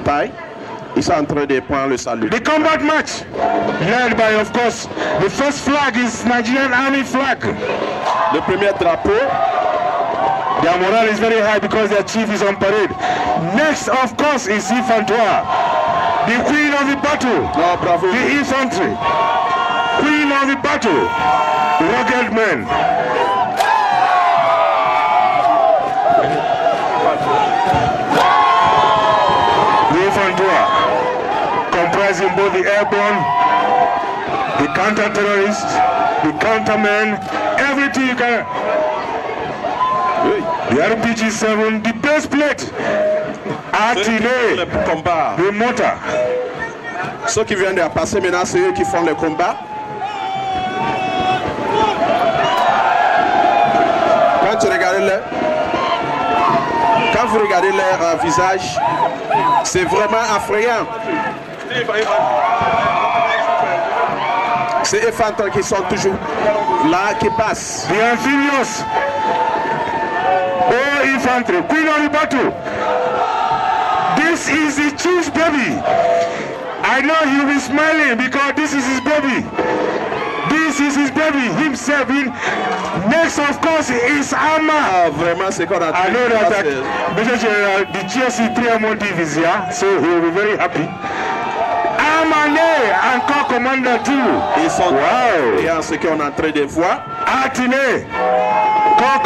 taille, ils sont en train de prendre le salut. The combat match, led by, of course, the first flag is Nigerian Army flag. Le premier drapeau. Their morale is very high because their chief is on parade. Next, of course, is Infantoire, the queen of the battle, bravo. the infantry, queen of the battle, rugged men. the airborne, the counter-terrorists, the countermen, everything you can. The RPG-7, the base plate, artillery, le motor. Ceux qui viennent de passer maintenant, c'est eux qui font le combat. Quand, tu regardes leur... Quand vous regardez leur euh, visage, c'est vraiment affrayant. C'est qui toujours là, qui passe. Oh, infantry. Queen of the battle. This is the chief's baby. I know he'll be smiling because this is his baby. This is his baby himself. In, next, of course, is Ama. Ah, vraiment, c'est know that, that ah, General, the GSC 3 is here, so he'll be very happy. encore commande tout. Ils sont wow. et en ce qui est en des de voir. pas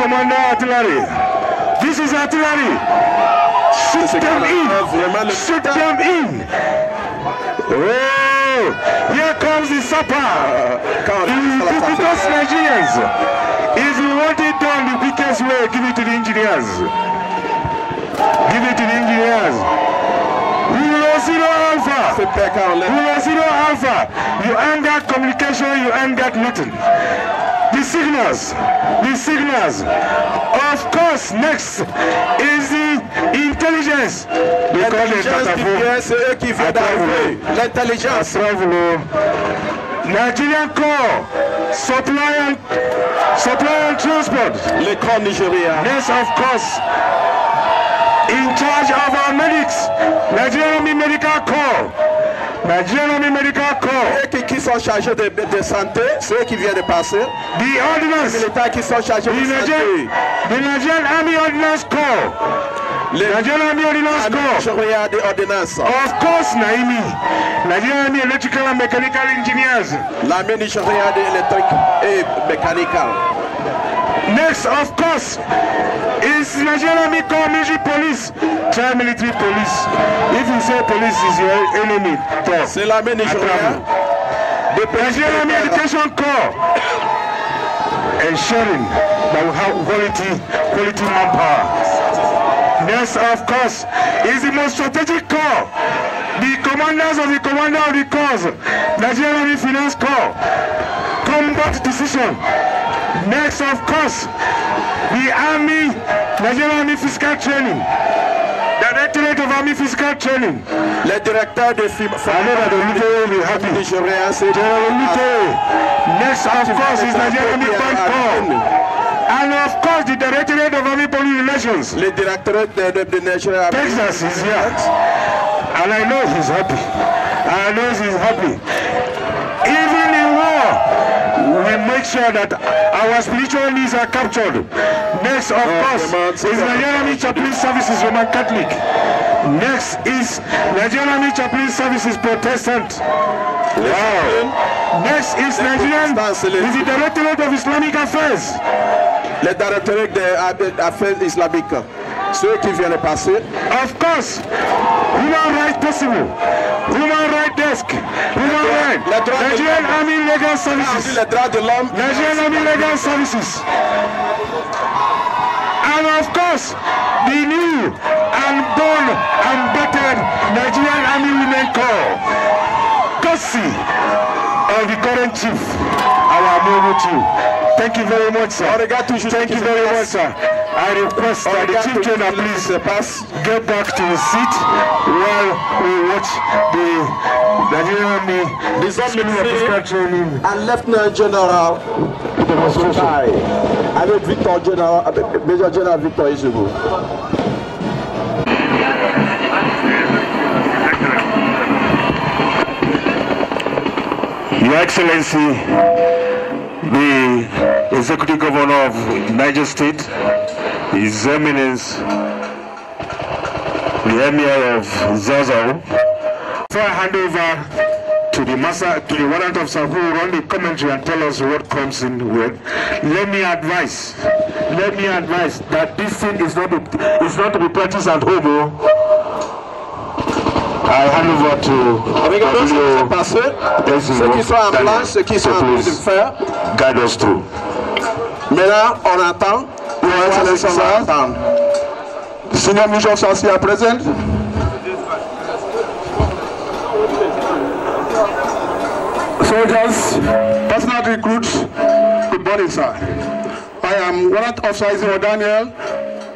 commandant This is artillery. Shoot them in. Shoot them in. Oh, here comes the supper. If you want it done the quickest way, give it to the engineers. Give it to the engineers. We will see You are zero alpha. You end that communication, you end that meeting. The signals, the signals. Of course, next is the intelligence. The intelligence. L'intelligence qui vient d'arriver. L'intelligence. Nigerian Corps, supply and, supply and transport. Le corps nigérien. Yes, of course. in charge of our medics, Nigerian Army Medical Corps. Nigerian Army Medical Corps. Ceux qui, qui sont chargés de, de, santé, ceux qui viennent de passer. The ordinance. Les militaires qui sont chargés de Nigerian, The Nigerian Army Ordinance Corps. Le Nigerian Army Ordinance Corps. The ordinance. Of course, Naimi. Nigerian Army Electrical and Mechanical Engineers. La L'armée de électrique et mécanique. Next, of course, is Nigerian Army Corps Military Police, Try Military Police. If you say police is your enemy, talk. C'est l'armée nigérienne. The Nigerian Army Education Corps, ensuring that we have quality, quality manpower. Next, of course, is the most strategic corps, the commanders of the commander of the corps, Nigerian Army Finance Corps, combat decision. Next, of course, the Army, Nigerian Army Physical Training. Directorate of Army Physical Training. Le directeur de FIM. Another the Luteo will be happy. General Luteo. Next, of course, is Nigerian Army Band Corps. And of course, the Directorate of Army Police Relations. Le Directorate de, de, de National Army. Texas is here. And I know he's happy. I know he's happy. make sure that our spiritual needs are captured. Next, of course, is Nigerian Chaplain Services Roman Catholic. Next is Nigerian Chaplain Services Protestant. Wow. Next is Nigerian is the Directorate of Islamic Affairs. Le Directorate des Affaires Islamiques. Uh, Ceux qui viennent passer. Eh? Of course, human rights possible. Human desk. Nigerian Army Legal Services. Nigerian Army Legal Services. And of course, the new and born and battered Nigerian Army Women Corps. Cossie. current chief, our chief. Thank you very much, sir. Thank you very much, sir. I request that the chief trainer please pass, get back to his seat while we watch the Nigerian Army disarming of physical training. And Lieutenant General Kutai. I mean Victor General, Major General Victor Isugu. Your Excellency, the Executive Governor of Niger State, His Eminence, the Emir of Zazao. Before I hand over to the master, to the warrant officer who will run the commentary and tell us what comes in with, let me advise, let me advise that this thing is not, is not to be practiced at home. Oh. I hand over to Avec un don qui passé, ceux qui sont en blanche, ceux qui sont en train de faire. Guide us through. Maintenant, on attend. Your Excellency, sir. Senior Mission Chancy are present. Soldiers, personal recruits, good morning, sir. I am Warrant Officer Daniel,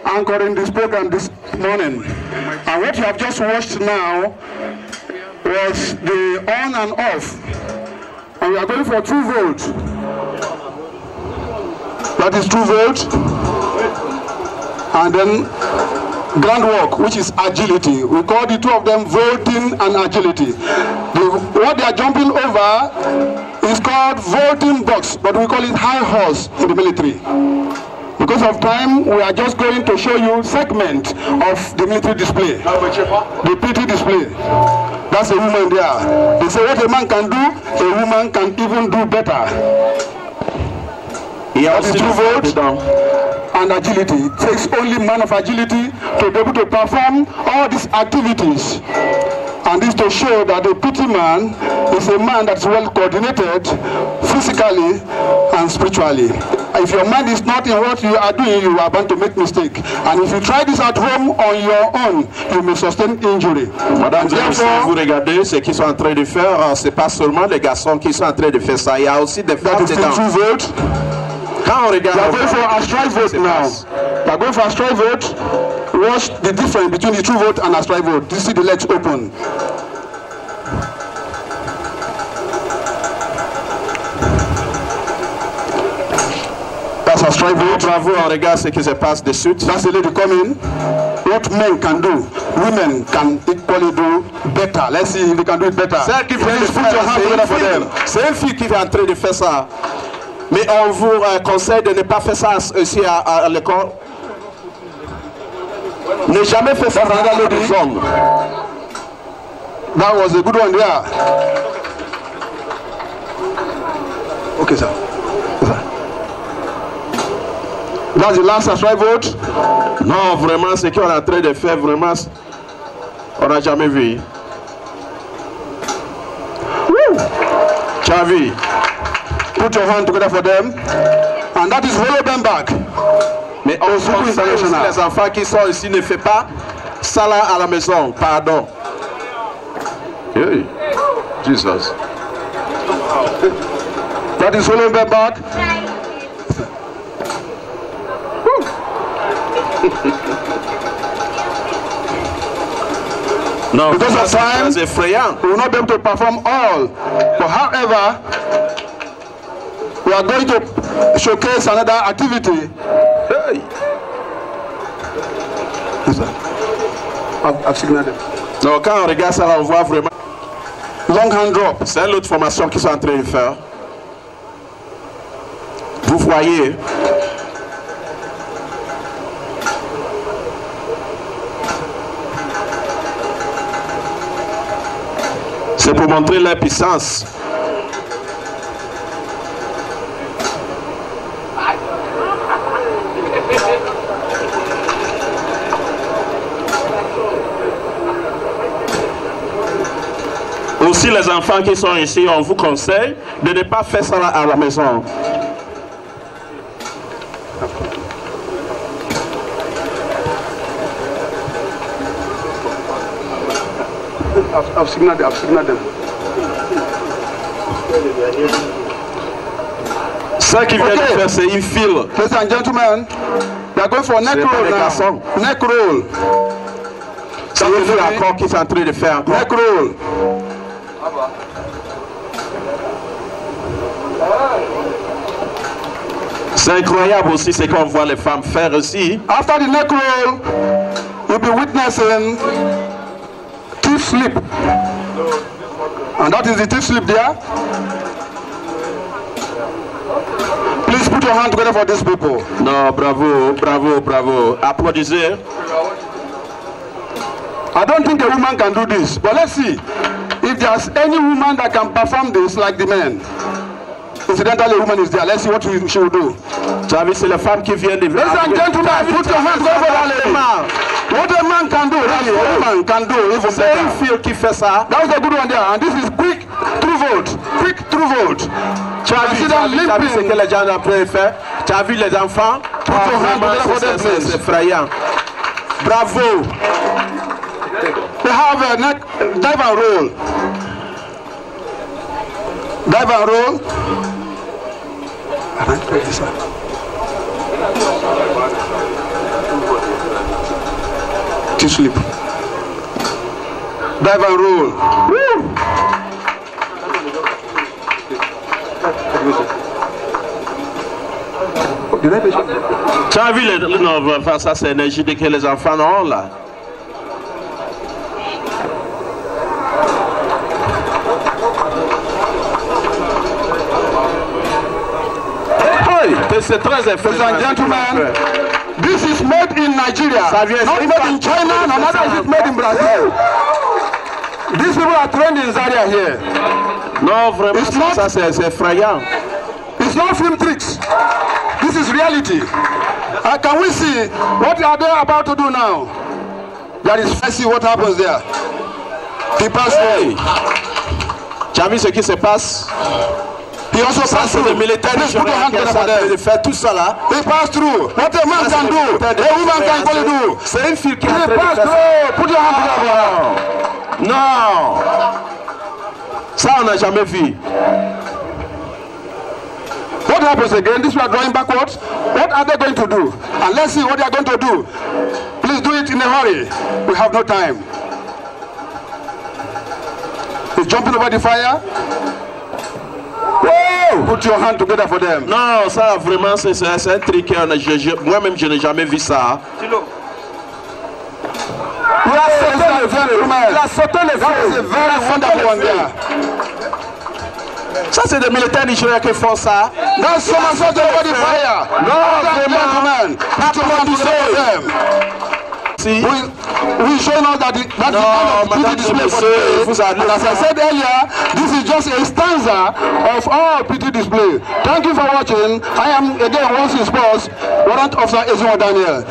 anchoring this program this morning. And what you have just watched now was the on and off. And we are going for 2 volt. That is 2 volt, And then ground work, which is agility. We call the two of them vaulting and agility. The, what they are jumping over is called vaulting box, but we call it high horse in the military. Because of time, we are just going to show you segment of the military display. The pity display. That's a woman there. They say what a man can do, a woman can even do better. He that is true vote and agility. It takes only man of agility to be able to perform all these activities. And this to show that the pretty man is a man that's well coordinated physically and spiritually. if your mind is not in what you are doing, you are bound to make mistake. And if you try this at home on your own, you may sustain injury. Madame, Therefore, vous regardez ce qu'ils sont en train de faire, euh, c'est pas seulement les garçons qui sont en train de faire ça. Il y a aussi des femmes dedans. Vote. Quand on regarde, they are going for a strike vote now. They are going for a strike vote. Watch the difference between the true vote and a strike vote. You see the legs open. as traveled, travel and regarde ce qui se passe de suite. That's the lady coming. What men can do, women can equally do better. Let's see if they can do it better. C'est qui fait put your hand together for them. C'est une fille qui est en train de faire ça. Mais on vous euh, conseille de ne pas faire ça aussi à, à, l'école. Ne jamais faire ça dans le hommes. That was a good one, yeah. Ok, ça. That's the last as vote. Non, vraiment, ce qu'on a train de faire, vraiment, on n'a jamais vu. Woo! Chavi, put your hand together for them. And that is follow them back. Mais on les enfants qui sont ici ne font pas ça là à la maison, pardon. Hey, Jesus. That is following back. no, because of time, we will not be able to perform all. But however, we are going to showcase another activity. Hey. I've, I've signaled it. Donc quand on regarde ça, on voit vraiment. Long hand drop, c'est l'autre formation qui sont en train de faire. Vous voyez, pour montrer leur puissance. Aussi les enfants qui sont ici, on vous conseille de ne pas faire ça à la maison. I've, I've signaled, I've signaled them. Ça qui vient de faire, c'est une fille. Ladies and gentlemen, they are going for neck roll now. Neck roll. Ça veut dire encore qu'ils sont en train de faire encore. Neck roll. C'est incroyable aussi ce qu'on voit les femmes faire aussi. After the neck roll, you'll be witnessing slip. And that is the thief slip there. Please put your hand together for these people. No, bravo, bravo, bravo. there. I don't think a woman can do this, but let's see if there's any woman that can perform this like the men. Incidentally, a woman is there. Let's see what we, she will do. Ladies and gentlemen, put your hands over that lady. What a man can do, really, a man can do even qui fait ça. That was good And this is quick true vote. Quick true vote. Tu as vu, ce que les gens ont Tu as vu les enfants. Ah, c'est effrayant. Bravo. dive and roll. Dive and roll. to sleep. Dive and roll. Tu as vu les non, enfin, ça c'est que les enfants ont là. Hey, c'est très effrayant. Gentlemen, this is made Nigeria, Service not even in China, and another is made in Brazil. These people are trained in Zaria here. Non, vraiment, it's not, ça c'est It's not film tricks. This is reality. Uh, can we see what are they about to do now? That is, let's see what happens there. People hey. say. Tu as vu ce qui He also passed through. The military Please put your hand together for them. They faire tout ça là. He passed through. What a man can do, a woman can only do. C'est une fille qui est en train de faire ça. Put your hand together for them. Non. Ça, on n'a jamais vu. What happens again? These people are going backwards. What are they going to do? And let's see what they are going to do. Please do it in a hurry. We have no time. He's jumping over the fire. Put your hand together for them. Non, ça vraiment c'est un truc. Hein. Moi-même je n'ai jamais vu ça. ça c'est des militaires qui font ça. we show now that the, that no, is kind of beauty display for today. as I said earlier, this is just a stanza of all beauty display. Thank you for watching. I am again once in sports, warrant officer Ezimo Daniel.